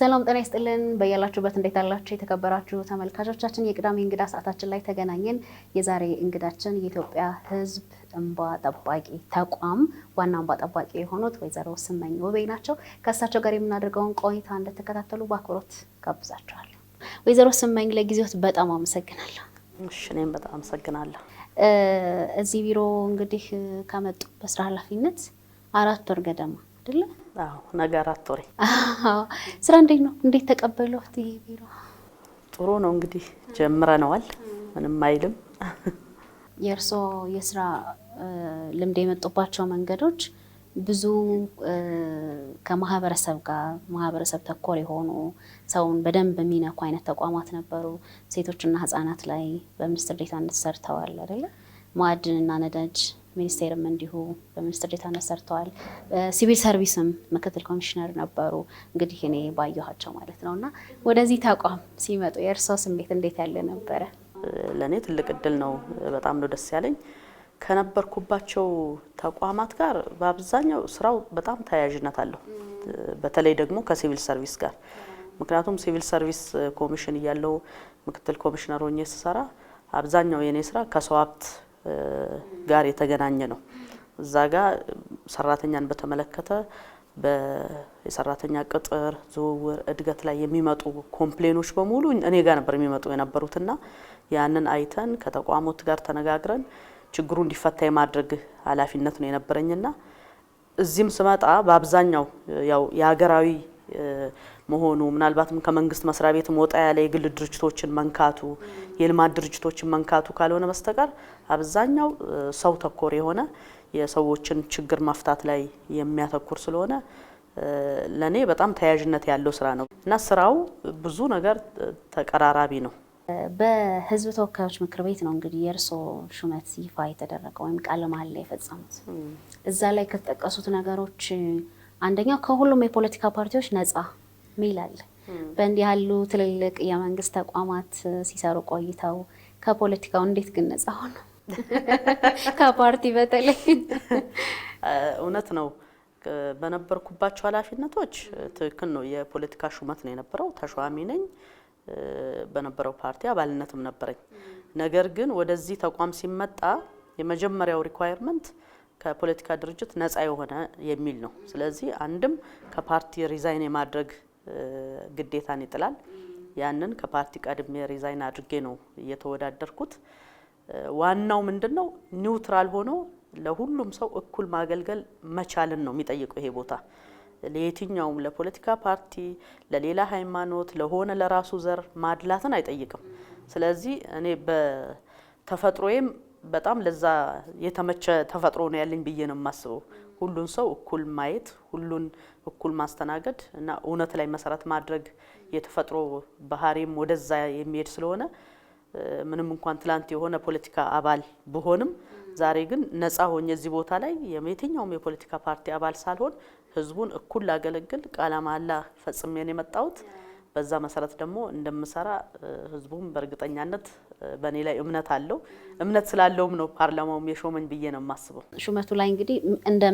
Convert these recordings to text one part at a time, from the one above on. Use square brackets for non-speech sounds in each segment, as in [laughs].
ሰላም ጤና ይስጥልን። በያላችሁበት እንዴት አላችሁ? የተከበራችሁ ተመልካቾቻችን የቅዳሜ እንግዳ ሰዓታችን ላይ ተገናኘን። የዛሬ እንግዳችን የኢትዮጵያ ሕዝብ እንባ ጠባቂ ተቋም ዋና እንባ ጠባቂ የሆኑት ወይዘሮ ስመኝ ውቤ ናቸው። ከእሳቸው ጋር የምናደርገውን ቆይታ እንደተከታተሉ በአክብሮት ጋብዛችኋለሁ። ወይዘሮ ስመኝ ለጊዜዎት በጣም አመሰግናለሁ። እኔም በጣም አመሰግናለሁ። እዚህ ቢሮ እንግዲህ ከመጡ በስራ ኃላፊነት አራት ወር ገደማ አይደለም ነገር አትወሪ። ስራ እንዴት ነው? እንዴት ተቀበሏት? ይሄ ቢሮ ጥሩ ነው እንግዲህ ጀምረነዋል። ምንም አይልም። የእርስዎ የስራ ልምድ የመጡባቸው መንገዶች ብዙ ከማህበረሰብ ጋር ማህበረሰብ ተኮር የሆኑ ሰውን በደንብ የሚነኩ አይነት ተቋማት ነበሩ። ሴቶችና ህጻናት ላይ በሚኒስትር ዴታነት ሰርተዋል አይደለ? ማዕድንና ነዳጅ ሚኒስቴርም እንዲሁ በሚኒስትር ዴታነት ሰርተዋል። ሲቪል ሰርቪስም ምክትል ኮሚሽነር ነበሩ። እንግዲህ እኔ ባየኋቸው ማለት ነው እና ወደዚህ ተቋም ሲመጡ የእርስዎ ስሜት እንዴት ያለ ነበረ? ለእኔ ትልቅ እድል ነው። በጣም ነው ደስ ያለኝ። ከነበርኩባቸው ተቋማት ጋር በአብዛኛው ስራው በጣም ተያያዥነት አለው፣ በተለይ ደግሞ ከሲቪል ሰርቪስ ጋር ምክንያቱም ሲቪል ሰርቪስ ኮሚሽን እያለው ምክትል ኮሚሽነር ሆኜ ስሰራ አብዛኛው የእኔ ስራ ከሰው ሀብት ጋር የተገናኘ ነው። እዛ ጋር ሰራተኛን በተመለከተ የሰራተኛ ቅጥር፣ ዝውውር፣ እድገት ላይ የሚመጡ ኮምፕሌኖች በሙሉ እኔ ጋር ነበር የሚመጡ የነበሩትና ያንን አይተን ከተቋሞት ጋር ተነጋግረን ችግሩ እንዲፈታ የማድረግ ኃላፊነት ነው የነበረኝና እዚህም ስመጣ በአብዛኛው ያው የሀገራዊ መሆኑ ምናልባትም ከመንግስት መስሪያ ቤት ወጣ ያለ የግል ድርጅቶችን መንካቱ የልማት ድርጅቶችን መንካቱ ካልሆነ በስተቀር አብዛኛው ሰው ተኮር የሆነ የሰዎችን ችግር መፍታት ላይ የሚያተኩር ስለሆነ ለእኔ በጣም ተያያዥነት ያለው ስራ ነው እና ስራው ብዙ ነገር ተቀራራቢ ነው። በህዝብ ተወካዮች ምክር ቤት ነው እንግዲህ የእርስዎ ሹመት ይፋ የተደረገ ወይም ቃለ መሃላ የፈጸሙት። እዛ ላይ ከተጠቀሱት ነገሮች አንደኛው ከሁሉም የፖለቲካ ፓርቲዎች ነጻ ሚል አለ። በእንዲህ ያሉ ትልልቅ የመንግስት ተቋማት ሲሰሩ ቆይተው ከፖለቲካው እንዴት ግን ነጻ [laughs] ከፓርቲ በተለይ እውነት ነው። በነበርኩባቸው ኃላፊነቶች ትክክል ነው። የፖለቲካ ሹመት ነው የነበረው። ተሿሚ ነኝ። በነበረው ፓርቲ አባልነትም ነበረኝ። ነገር ግን ወደዚህ ተቋም ሲመጣ የመጀመሪያው ሪኳየርመንት ከፖለቲካ ድርጅት ነጻ የሆነ የሚል ነው። ስለዚህ አንድም ከፓርቲ ሪዛይን የማድረግ ግዴታን ይጥላል። ያንን ከፓርቲ ቀድሜ ሪዛይን አድርጌ ነው እየተወዳደርኩት። ዋናው ምንድን ነው ኒውትራል ሆኖ ለሁሉም ሰው እኩል ማገልገል መቻልን ነው የሚጠይቀው ይሄ ቦታ ለየትኛውም ለፖለቲካ ፓርቲ፣ ለሌላ ሃይማኖት፣ ለሆነ ለራሱ ዘር ማድላትን አይጠይቅም። ስለዚህ እኔ በተፈጥሮዬም በጣም ለዛ የተመቸ ተፈጥሮ ነው ያለኝ ብዬ ነው የማስበው። ሁሉን ሰው እኩል ማየት፣ ሁሉን እኩል ማስተናገድ እና እውነት ላይ መሰረት ማድረግ የተፈጥሮ ባህሪም ወደዛ የሚሄድ ስለሆነ ምንም እንኳን ትላንት የሆነ ፖለቲካ አባል ብሆንም ዛሬ ግን ነፃ ሆኜ እዚህ ቦታ ላይ የትኛውም የፖለቲካ ፓርቲ አባል ሳልሆን ህዝቡን እኩል ላገለግል ቃለ መሃላ ፈጽሜ የመጣሁት። በዛ መሰረት ደግሞ እንደምሰራ ህዝቡም በእርግጠኛነት በእኔ ላይ እምነት አለው። እምነት ስላለውም ነው ፓርላማውም የሾመኝ ብዬ ነው የማስበው። ሹመቱ ላይ እንግዲህ እንደ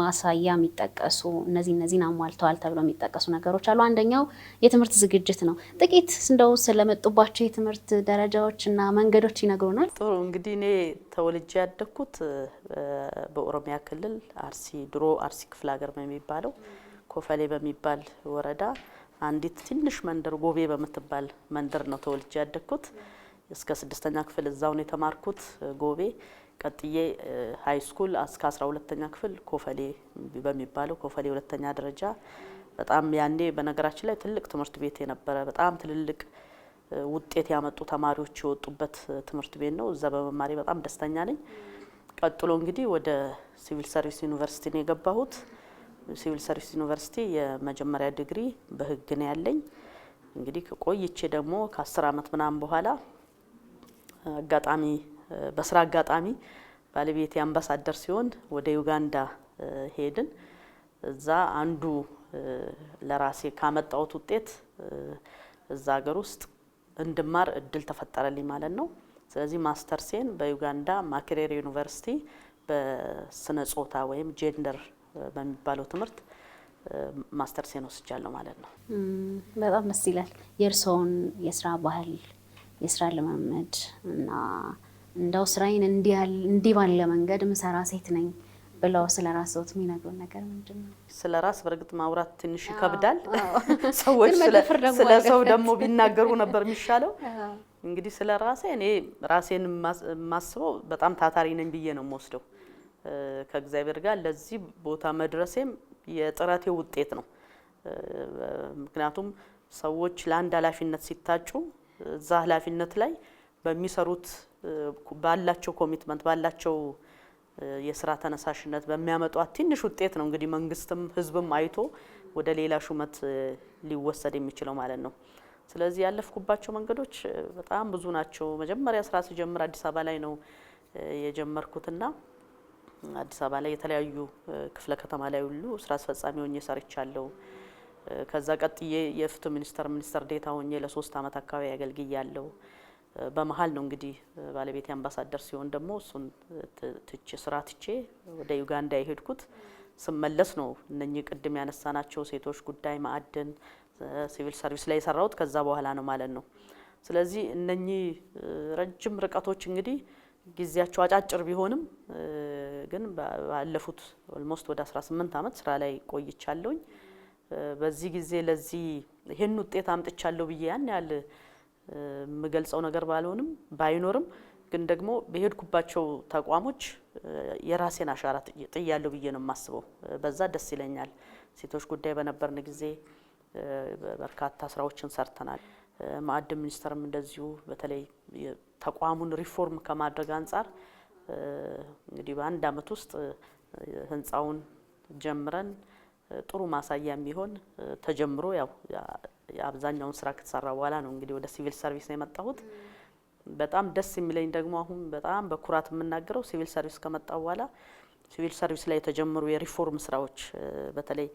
ማሳያ የሚጠቀሱ እነዚህ እነዚህን አሟልተዋል ተብለው የሚጠቀሱ ነገሮች አሉ። አንደኛው የትምህርት ዝግጅት ነው። ጥቂት እንደው ስለመጡባቸው የትምህርት ደረጃዎች እና መንገዶች ይነግሩናል። ጥሩ እንግዲህ እኔ ተወልጄ ያደግኩት በኦሮሚያ ክልል አርሲ ድሮ አርሲ ክፍለ ሀገር በሚባለው ኮፈሌ በሚባል ወረዳ አንዲት ትንሽ መንደር ጎቤ በምትባል መንደር ነው ተወልጄ ያደግኩት። እስከ ስድስተኛ ክፍል እዛው ነው የተማርኩት ጎቤ። ቀጥዬ ሀይ ስኩል እስከ አስራ ሁለተኛ ክፍል ኮፈሌ በሚባለው ኮፈሌ ሁለተኛ ደረጃ በጣም ያኔ በነገራችን ላይ ትልቅ ትምህርት ቤት የነበረ በጣም ትልልቅ ውጤት ያመጡ ተማሪዎች የወጡበት ትምህርት ቤት ነው። እዛ በመማሪ በጣም ደስተኛ ነኝ። ቀጥሎ እንግዲህ ወደ ሲቪል ሰርቪስ ዩኒቨርሲቲ ነው የገባሁት። ሲቪል ሰርቪስ ዩኒቨርሲቲ የመጀመሪያ ዲግሪ በህግ ነው ያለኝ። እንግዲህ ቆይቼ ደግሞ ከአስር አመት ምናምን በኋላ አጋጣሚ በስራ አጋጣሚ ባለቤት አምባሳደር ሲሆን ወደ ዩጋንዳ ሄድን። እዛ አንዱ ለራሴ ካመጣሁት ውጤት እዛ ሀገር ውስጥ እንድማር እድል ተፈጠረልኝ ማለት ነው። ስለዚህ ማስተርሴን በዩጋንዳ ማkerere ዩኒቨርሲቲ በስነ ጾታ ወይም ጄንደር በሚባለው ትምህርት ማስተር ሴን ወስጃለሁ ማለት ነው። በጣም ደስ ይላል። የእርስዎን የስራ ባህል፣ የስራ ልምምድ እና እንዳው ስራዬን እንዲህ ባለ መንገድ ምሰራ ሴት ነኝ ብለው ስለ ራስዎት የሚነግሩን ነገር ምንድን ነው? ስለ ራስ በእርግጥ ማውራት ትንሽ ይከብዳል። [laughs] ሰዎች ስለ ሰው ደግሞ ቢናገሩ ነበር የሚሻለው። እንግዲህ ስለ ራሴ እኔ ራሴን ማስበው በጣም ታታሪ ነኝ ብዬ ነው የምወስደው። ከእግዚአብሔር ጋር ለዚህ ቦታ መድረሴም የጥረቴ ውጤት ነው። ምክንያቱም ሰዎች ለአንድ ኃላፊነት ሲታጩ እዛ ኃላፊነት ላይ በሚሰሩት ባላቸው ኮሚትመንት ባላቸው የስራ ተነሳሽነት በሚያመጧት ትንሽ ውጤት ነው እንግዲህ መንግስትም ህዝብም አይቶ ወደ ሌላ ሹመት ሊወሰድ የሚችለው ማለት ነው። ስለዚህ ያለፍኩባቸው መንገዶች በጣም ብዙ ናቸው። መጀመሪያ ስራ ሲጀምር አዲስ አበባ ላይ ነው የጀመርኩትና አዲስ አበባ ላይ የተለያዩ ክፍለ ከተማ ላይ ሁሉ ስራ አስፈጻሚ ሆኜ ሰርቻለሁ። ከዛ ቀጥዬ የፍትህ ሚኒስተር ሚኒስተር ዴታ ሆኜ ለሶስት አመት አካባቢ ያገልግያለሁ። በመሀል ነው እንግዲህ ባለቤት አምባሳደር ሲሆን ደግሞ እሱን ትቼ ስራ ትቼ ወደ ዩጋንዳ የሄድኩት ስመለስ ነው። እነኚህ ቅድም ያነሳናቸው ሴቶች ጉዳይ፣ ማዕድን፣ ሲቪል ሰርቪስ ላይ የሰራሁት ከዛ በኋላ ነው ማለት ነው። ስለዚህ እነኚህ ረጅም ርቀቶች እንግዲህ ጊዜያቸው አጫጭር ቢሆንም ግን ባለፉት ኦልሞስት ወደ 18 ዓመት ስራ ላይ ቆይቻለሁኝ። በዚህ ጊዜ ለዚህ ይህን ውጤት አምጥቻለሁ ብዬ ያን ያህል የምገልጸው ነገር ባልሆንም ባይኖርም ግን ደግሞ በሄድኩባቸው ተቋሞች የራሴን አሻራ ጥያለሁ ብዬ ነው የማስበው። በዛ ደስ ይለኛል። ሴቶች ጉዳይ በነበርን ጊዜ በርካታ ስራዎችን ሰርተናል። ማዕድ ሚኒስቴርም እንደዚሁ በተለይ ተቋሙን ሪፎርም ከማድረግ አንጻር እንግዲህ በአንድ አመት ውስጥ ህንፃውን ጀምረን ጥሩ ማሳያ የሚሆን ተጀምሮ ያው አብዛኛውን ስራ ከተሰራ በኋላ ነው እንግዲህ ወደ ሲቪል ሰርቪስ ነው የመጣሁት። በጣም ደስ የሚለኝ ደግሞ አሁን በጣም በኩራት የምናገረው ሲቪል ሰርቪስ ከመጣ በኋላ ሲቪል ሰርቪስ ላይ የተጀመሩ የሪፎርም ስራዎች በተለይ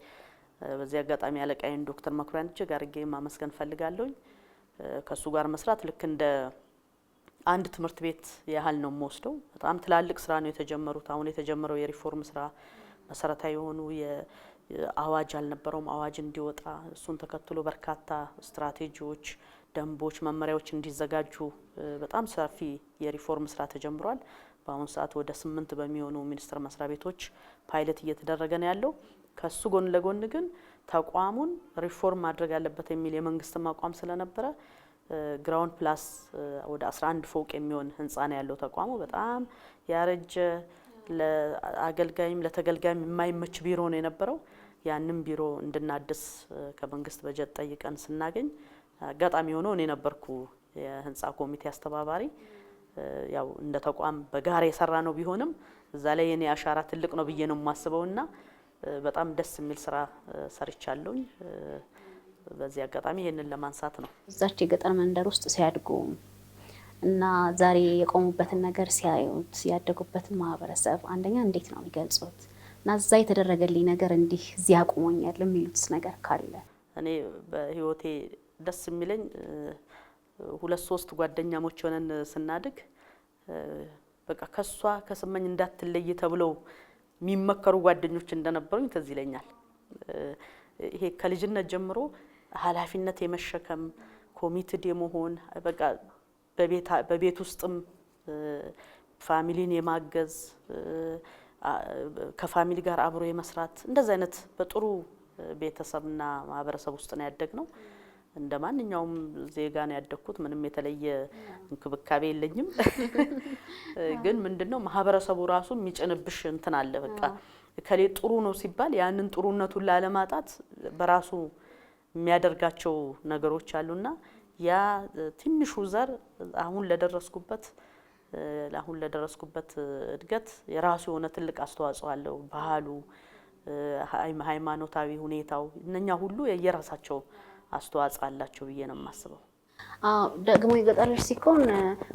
በዚህ አጋጣሚ አለቃይን ዶክተር መኩሪያን እጅግ አድርጌ ማመስገን ፈልጋለሁኝ። ከእሱ ጋር መስራት ልክ እንደ አንድ ትምህርት ቤት ያህል ነው የምወስደው። በጣም ትላልቅ ስራ ነው የተጀመሩት። አሁን የተጀመረው የሪፎርም ስራ መሰረታዊ የሆኑ አዋጅ አልነበረውም። አዋጅ እንዲወጣ እሱን ተከትሎ በርካታ ስትራቴጂዎች፣ ደንቦች፣ መመሪያዎች እንዲዘጋጁ በጣም ሰፊ የሪፎርም ስራ ተጀምሯል። በአሁኑ ሰዓት ወደ ስምንት በሚሆኑ ሚኒስቴር መስሪያ ቤቶች ፓይለት እየተደረገ ነው ያለው። ከሱ ጎን ለጎን ግን ተቋሙን ሪፎርም ማድረግ አለበት የሚል የመንግስትም አቋም ስለነበረ ግራውንድ ፕላስ ወደ 11 ፎቅ የሚሆን ህንፃ ነው ያለው ተቋሙ። በጣም ያረጀ ለአገልጋይም ለተገልጋይም የማይመች ቢሮ ነው የነበረው። ያንም ቢሮ እንድናድስ ከመንግስት በጀት ጠይቀን ስናገኝ አጋጣሚ ሆኖ እኔ ነበርኩ የህንፃ ኮሚቴ አስተባባሪ። ያው እንደ ተቋም በጋራ የሰራ ነው ቢሆንም እዛ ላይ የኔ አሻራ ትልቅ ነው ብዬ ነው እና። በጣም ደስ የሚል ስራ ሰርቻለሁኝ። በዚህ አጋጣሚ ይህንን ለማንሳት ነው። እዛች የገጠር መንደር ውስጥ ሲያድጉ እና ዛሬ የቆሙበትን ነገር ሲያዩት ያደጉበትን ማህበረሰብ አንደኛ እንዴት ነው የሚገልጹት? እና እዛ የተደረገልኝ ነገር እንዲህ እዚያ ቁሞኛል የሚሉት ነገር ካለ እኔ በህይወቴ ደስ የሚለኝ ሁለት ሶስት ጓደኛሞች ሆነን ስናድግ በቃ ከሷ ከስመኝ እንዳትለይ ተብለው የሚመከሩ ጓደኞች እንደነበሩኝ ትዝ ይለኛል። ይሄ ከልጅነት ጀምሮ ኃላፊነት የመሸከም ኮሚትድ የመሆን በቃ በቤት ውስጥም ፋሚሊን የማገዝ ከፋሚሊ ጋር አብሮ የመስራት እንደዚህ አይነት በጥሩ ቤተሰብና ማህበረሰብ ውስጥ ነው ያደግ ነው። እንደ ማንኛውም ዜጋ ነው ያደግኩት። ምንም የተለየ እንክብካቤ የለኝም። ግን ምንድነው ማህበረሰቡ ራሱ የሚጭንብሽ እንትን አለ። በቃ ከሌ ጥሩ ነው ሲባል ያንን ጥሩነቱን ላለማጣት በራሱ የሚያደርጋቸው ነገሮች አሉና ያ ትንሹ ዘር አሁን ለደረስኩበት አሁን ለደረስኩበት እድገት የራሱ የሆነ ትልቅ አስተዋጽኦ አለው። ባህሉ፣ ሃይማኖታዊ ሁኔታው እነኛ ሁሉ የየራሳቸው አስተዋጽኦ አላቸው ብዬ ነው የማስበው። ደግሞ የገጠር ልጅ ሲሆን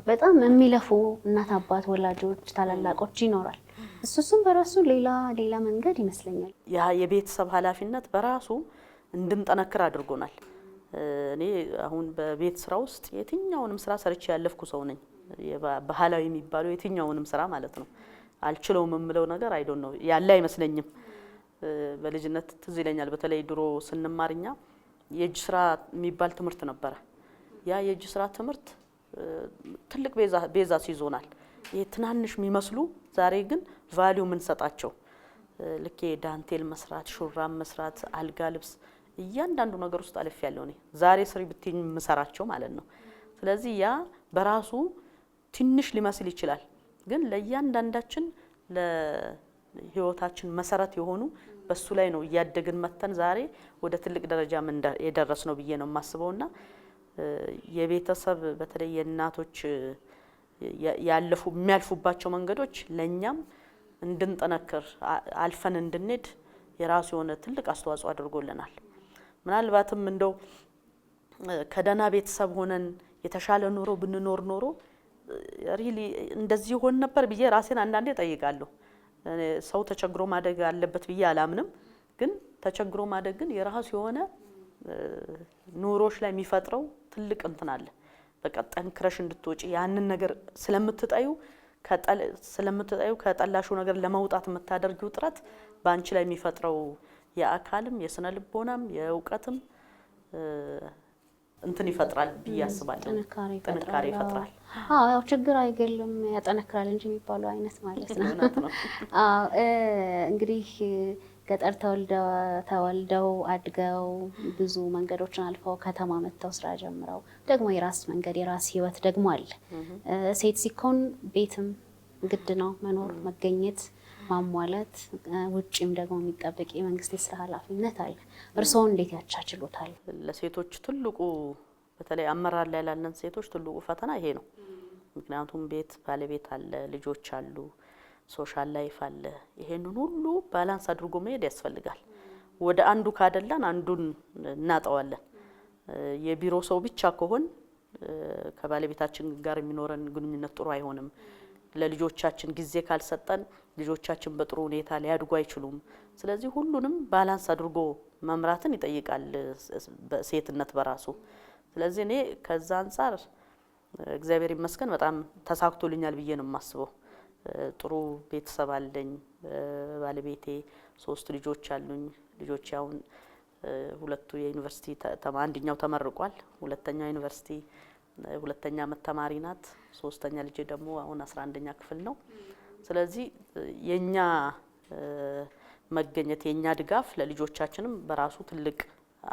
በጣም የሚለፉ እናት አባት፣ ወላጆች፣ ታላላቆች ይኖራል። እሱሱም በራሱ ሌላ ሌላ መንገድ ይመስለኛል። ያ የቤተሰብ ኃላፊነት በራሱ እንድንጠነክር አድርጎናል። እኔ አሁን በቤት ስራ ውስጥ የትኛውንም ስራ ሰርቼ ያለፍኩ ሰው ነኝ። ባህላዊ የሚባለው የትኛውንም ስራ ማለት ነው። አልችለውም የምለው ነገር አይዶን ነው ያለ አይመስለኝም። በልጅነት ትዝ ይለኛል፣ በተለይ ድሮ ስንማርኛ የእጅ ስራ የሚባል ትምህርት ነበረ። ያ የእጅ ስራ ትምህርት ትልቅ ቤዛ ይዞናል። ይሄ ትናንሽ የሚመስሉ ዛሬ ግን ቫሊዩ የምንሰጣቸው ልኬ ዳንቴል መስራት፣ ሹራብ መስራት፣ አልጋ ልብስ፣ እያንዳንዱ ነገር ውስጥ አልፍ ያለው እኔ ዛሬ ስሪ ብትኝ የምሰራቸው ማለት ነው። ስለዚህ ያ በራሱ ትንሽ ሊመስል ይችላል፣ ግን ለእያንዳንዳችን ለህይወታችን መሰረት የሆኑ በሱ ላይ ነው እያደግን መተን ዛሬ ወደ ትልቅ ደረጃ የደረስ ነው ብዬ ነው ና የቤተሰብ በተለይ የእናቶች ያለፉ የሚያልፉባቸው መንገዶች ለእኛም እንድንጠነክር አልፈን እንድንሄድ የራሱ የሆነ ትልቅ አስተዋጽኦ አድርጎልናል። ምናልባትም እንደው ከደህና ቤተሰብ ሆነን የተሻለ ኑሮ ብንኖር ኖሮ ሪሊ እንደዚህ ሆን ነበር ብዬ ራሴን አንዳንዴ ጠይቃለሁ። ሰው ተቸግሮ ማደግ አለበት ብዬ አላምንም። ግን ተቸግሮ ማደግ ግን የራሱ የሆነ ኑሮች ላይ የሚፈጥረው ትልቅ እንትን አለ። በቃ ጠንክረሽ እንድትወጪ ያንን ነገር ስለምትጠዩ ስለምትጠዩ ከጠላሹ ነገር ለመውጣት የምታደርጊው ጥረት በአንቺ ላይ የሚፈጥረው የአካልም የስነ ልቦናም የእውቀትም እንትን ይፈጥራል ብዬ አስባለሁ። ጥንካሬ ይፈጥራል። አዎ ያው ችግር አይገልም ያጠነክራል እንጂ የሚባለው አይነት ማለት ነው። [laughs] አዎ እንግዲህ ገጠር ተወልደው አድገው ብዙ መንገዶችን አልፈው ከተማ መጥተው ስራ ጀምረው ደግሞ የራስ መንገድ የራስ ህይወት ደግሞ አለ። ሴት ሲኮን ቤትም ግድ ነው መኖር መገኘት ማሟላት፣ ውጭም ደግሞ የሚጠበቅ የመንግስት የስራ ኃላፊነት አለ። እርስዎ እንዴት ያቻችሎታል? ለሴቶች ትልቁ በተለይ አመራር ላይ ላለን ሴቶች ትልቁ ፈተና ይሄ ነው። ምክንያቱም ቤት ባለቤት አለ፣ ልጆች አሉ፣ ሶሻል ላይፍ አለ። ይሄንን ሁሉ ባላንስ አድርጎ መሄድ ያስፈልጋል። ወደ አንዱ ካደላን አንዱን እናጠዋለን። የቢሮ ሰው ብቻ ከሆን ከባለቤታችን ጋር የሚኖረን ግንኙነት ጥሩ አይሆንም። ለልጆቻችን ጊዜ ካልሰጠን ልጆቻችን በጥሩ ሁኔታ ሊያድጉ አይችሉም። ስለዚህ ሁሉንም ባላንስ አድርጎ መምራትን ይጠይቃል ሴትነት በራሱ። ስለዚህ እኔ ከዛ አንጻር እግዚአብሔር ይመስገን በጣም ተሳክቶልኛል ብዬ ነው የማስበው። ጥሩ ቤተሰብ አለኝ። ባለቤቴ ሶስት ልጆች አሉኝ። ልጆች አሁን ሁለቱ የዩኒቨርሲቲ አንደኛው ተመርቋል፣ ሁለተኛው ዩኒቨርሲቲ ሁለተኛ አመት ተማሪ ናት። ሶስተኛ ልጄ ደግሞ አሁን አስራ አንደኛ ክፍል ነው። ስለዚህ የኛ መገኘት የኛ ድጋፍ ለልጆቻችንም በራሱ ትልቅ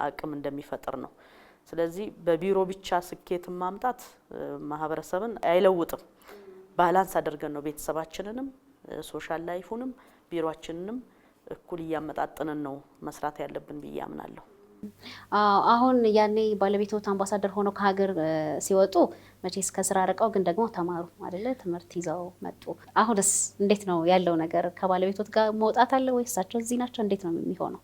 አቅም እንደሚፈጥር ነው። ስለዚህ በቢሮ ብቻ ስኬትን ማምጣት ማህበረሰብን አይለውጥም። ባላንስ አድርገን ነው ቤተሰባችንንም ሶሻል ላይፉንም ቢሮችንንም እኩል እያመጣጠንን ነው መስራት ያለብን ብዬ አምናለሁ። አሁን ያኔ ባለቤቶት አምባሳደር ሆነው ከሀገር ሲወጡ መቼስ ከስራ ርቀው ግን ደግሞ ተማሩ አይደለ? ትምህርት ይዘው መጡ። አሁንስ እንዴት ነው ያለው ነገር? ከባለቤቶት ጋር መውጣት አለ ወይ? እሳቸው እዚህ ናቸው? እንዴት ነው የሚሆነው?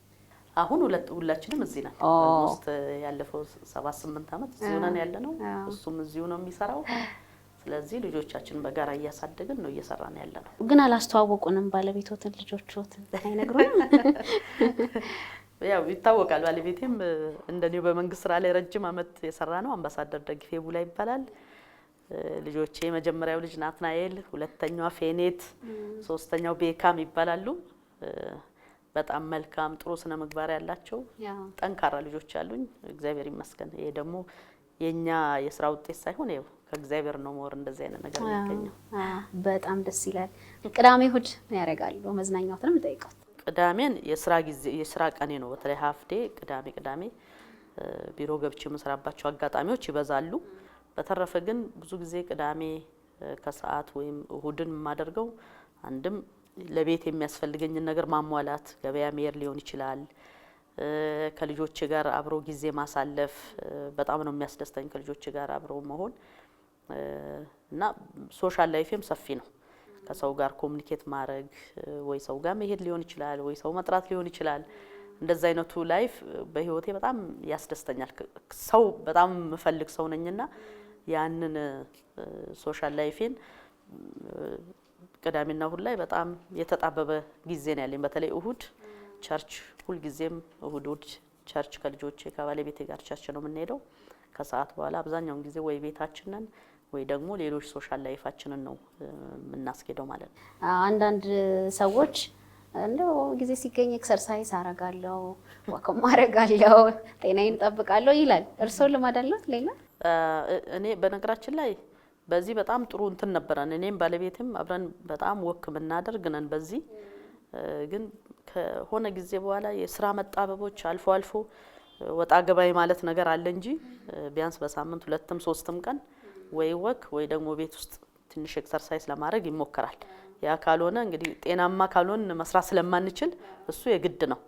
አሁን ሁላችንም እዚህ ናት። ውስጥ ያለፈው ሰባት ስምንት ዓመት እዚሁ ነን ያለ ነው። እሱም እዚሁ ነው የሚሰራው። ስለዚህ ልጆቻችን በጋራ እያሳደግን ነው ነው ያለ ነው። ግን አላስተዋወቁንም። ባለቤቶትን ልጆችትን አይነግሩንም ያው ይታወቃል። ባለቤቴም እንደኔው በመንግስት ስራ ላይ ረጅም አመት የሰራ ነው። አምባሳደር ደግፌ ቡላ ይባላል። ልጆቼ የመጀመሪያው ልጅ ናትናኤል፣ ሁለተኛዋ ፌኔት፣ ሶስተኛው ቤካም ይባላሉ። በጣም መልካም ጥሩ ስነ ምግባር ያላቸው ጠንካራ ልጆች አሉኝ፣ እግዚአብሔር ይመስገን። ይሄ ደግሞ የኛ የስራ ውጤት ሳይሆን ይኸው ከእግዚአብሔር ነው። መወር እንደዚህ አይነት ነገር ያገኘው በጣም ደስ ይላል። ቅዳሜ እሑድ ያደርጋሉ? መዝናኛዎትንም ቅዳሜን የስራ ጊዜ የስራ ቀኔ ነው። በተለይ ሀፍዴ ቅዳሜ ቅዳሜ ቢሮ ገብቼ የምሰራባቸው አጋጣሚዎች ይበዛሉ። በተረፈ ግን ብዙ ጊዜ ቅዳሜ ከሰዓት ወይም እሁድን የማደርገው አንድም ለቤት የሚያስፈልገኝን ነገር ማሟላት፣ ገበያ መሄድ ሊሆን ይችላል። ከልጆች ጋር አብሮ ጊዜ ማሳለፍ በጣም ነው የሚያስደስተኝ። ከልጆች ጋር አብሮ መሆን እና ሶሻል ላይፌም ሰፊ ነው። ከሰው ጋር ኮሚኒኬት ማድረግ ወይ ሰው ጋር መሄድ ሊሆን ይችላል፣ ወይ ሰው መጥራት ሊሆን ይችላል። እንደዚህ አይነቱ ላይፍ በህይወቴ በጣም ያስደስተኛል። ሰው በጣም የምፈልግ ሰው ነኝና ያንን ሶሻል ላይፌን ቅዳሜና እሁድ ላይ በጣም የተጣበበ ጊዜ ነው ያለኝ። በተለይ እሁድ ቸርች፣ ሁልጊዜም እሁድ እሁድ ቸርች ከልጆቼ ከባለቤቴ ጋር ቸርች ነው የምንሄደው። ከሰዓት በኋላ አብዛኛውን ጊዜ ወይ ቤታችንን ወይ ደግሞ ሌሎች ሶሻል ላይፋችንን ነው የምናስኬደው ማለት ነው። አንዳንድ ሰዎች እንደው ጊዜ ሲገኝ ኤክሰርሳይዝ አረጋለው፣ ዋክም አረጋለው፣ ጤናዬን ጠብቃለሁ ይላል። እርስዎ ልማድ አለት? ሌላ እኔ በነገራችን ላይ በዚህ በጣም ጥሩ እንትን ነበረን። እኔም ባለቤትም አብረን በጣም ወክ የምናደርግ ነን። በዚህ ግን ከሆነ ጊዜ በኋላ የስራ መጣበቦች አልፎ አልፎ ወጣ ገባይ ማለት ነገር አለ እንጂ ቢያንስ በሳምንት ሁለትም ሶስትም ቀን ወይ ወክ ወይ ደግሞ ቤት ውስጥ ትንሽ ኤክሰርሳይዝ ለማድረግ ይሞከራል። ያ ካልሆነ እንግዲህ ጤናማ ካልሆን መስራት ስለማንችል እሱ የግድ ነው።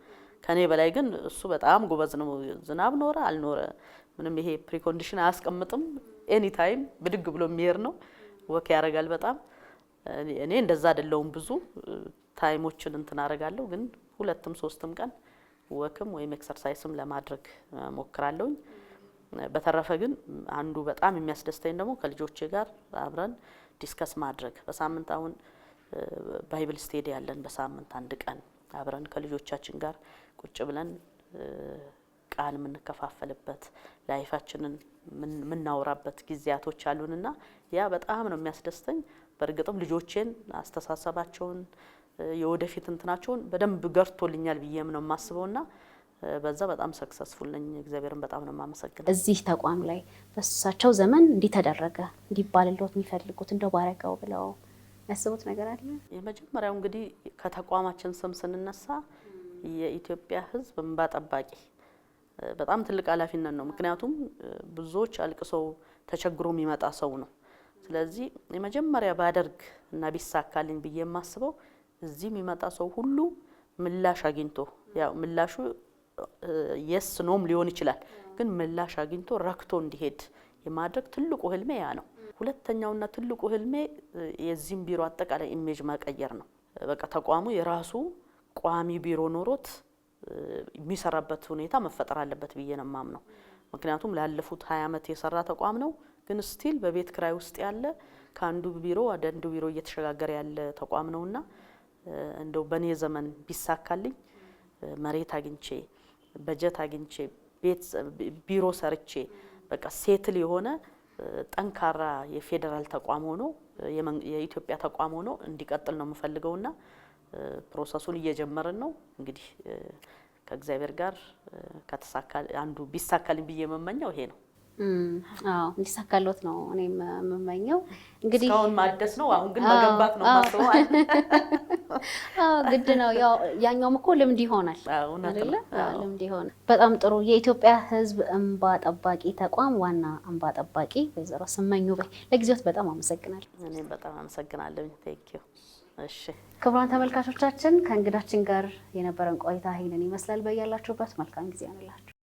ከኔ በላይ ግን እሱ በጣም ጎበዝ ነው። ዝናብ ኖረ አልኖረ ምንም ይሄ ፕሪኮንዲሽን አያስቀምጥም። ኤኒ ታይም ብድግ ብሎ የሚሄድ ነው። ወክ ያደርጋል በጣም እኔ እንደዛ አይደለውም። ብዙ ታይሞችን እንትን አደርጋለሁ፣ ግን ሁለትም ሶስትም ቀን ወክም ወይም ኤክሰርሳይስም ለማድረግ ሞክራለሁኝ። በተረፈ ግን አንዱ በጣም የሚያስደስተኝ ደግሞ ከልጆቼ ጋር አብረን ዲስከስ ማድረግ በሳምንት አሁን ባይብል ስቴዲ ያለን በሳምንት አንድ ቀን አብረን ከልጆቻችን ጋር ቁጭ ብለን ቃል የምንከፋፈልበት ላይፋችንን የምናወራበት ጊዜያቶች አሉንና ያ በጣም ነው የሚያስደስተኝ። በእርግጥም ልጆቼን አስተሳሰባቸውን የወደፊት እንትናቸውን በደንብ ገርቶልኛል ብዬም ነው የማስበውና በዛ በጣም ሰክሰስፉል ነኝ። እግዚአብሔርን በጣም ነው የማመሰግነው። እዚህ ተቋም ላይ በሳቸው ዘመን እንዲህ ተደረገ እንዲባልልዎት የሚፈልጉት እንደው ባረገው ብለው ያስቡት ነገር አለ? የመጀመሪያው እንግዲህ ከተቋማችን ስም ስንነሳ የኢትዮጵያ ሕዝብ እንባ ጠባቂ በጣም ትልቅ ኃላፊነት ነው። ምክንያቱም ብዙዎች አልቅሰው ተቸግሮ የሚመጣ ሰው ነው። ስለዚህ የመጀመሪያ ባደርግ እና ቢሳካልኝ ብዬ የማስበው እዚህ የሚመጣ ሰው ሁሉ ምላሽ አግኝቶ ያው ምላሹ የስ ኖም ሊሆን ይችላል፣ ግን ምላሽ አግኝቶ ረክቶ እንዲሄድ የማድረግ ትልቁ ህልሜ ያ ነው። ሁለተኛውና ትልቁ ህልሜ የዚህም ቢሮ አጠቃላይ ኢሜጅ መቀየር ነው። በቃ ተቋሙ የራሱ ቋሚ ቢሮ ኖሮት የሚሰራበት ሁኔታ መፈጠር አለበት ብዬ ነው የማምነው። ምክንያቱም ላለፉት ሀያ ዓመት የሰራ ተቋም ነው፣ ግን ስቲል በቤት ክራይ ውስጥ ያለ ከአንዱ ቢሮ ወደ አንዱ ቢሮ እየተሸጋገረ ያለ ተቋም ነውና እንደው በእኔ ዘመን ቢሳካልኝ መሬት አግኝቼ በጀት አግኝቼ ቤት ቢሮ ሰርቼ በቃ ሴትል የሆነ ጠንካራ የፌዴራል ተቋም ሆኖ የኢትዮጵያ ተቋም ሆኖ እንዲቀጥል ነው የምፈልገውና ፕሮሰሱን እየጀመርን ነው እንግዲህ ከእግዚአብሔር ጋር ከተሳካ አንዱ ቢሳካልኝ ብዬ መመኘው ይሄ ነው። እንዲሳካሎት ነው እኔ የምመኘው። እንግዲህ አሁን ማደስ ነው፣ አሁን ግን መገንባት ነው። [laughs] ግድ ነው። ያው ያኛውም እኮ ልምድ ይሆናል አይደለ? ልምድ ይሆናል። በጣም ጥሩ። የኢትዮጵያ ሕዝብ እንባ ጠባቂ ተቋም ዋና እንባ ጠባቂ ወይዘሮ ስመኙ በይ፣ ለጊዜዎት በጣም አመሰግናለሁ። እኔም በጣም አመሰግናለሁ። ዩ። እሺ ክቡራን ተመልካቾቻችን ከእንግዳችን ጋር የነበረን ቆይታ ይህንን ይመስላል። በያላችሁበት መልካም ጊዜ ያንላችሁ።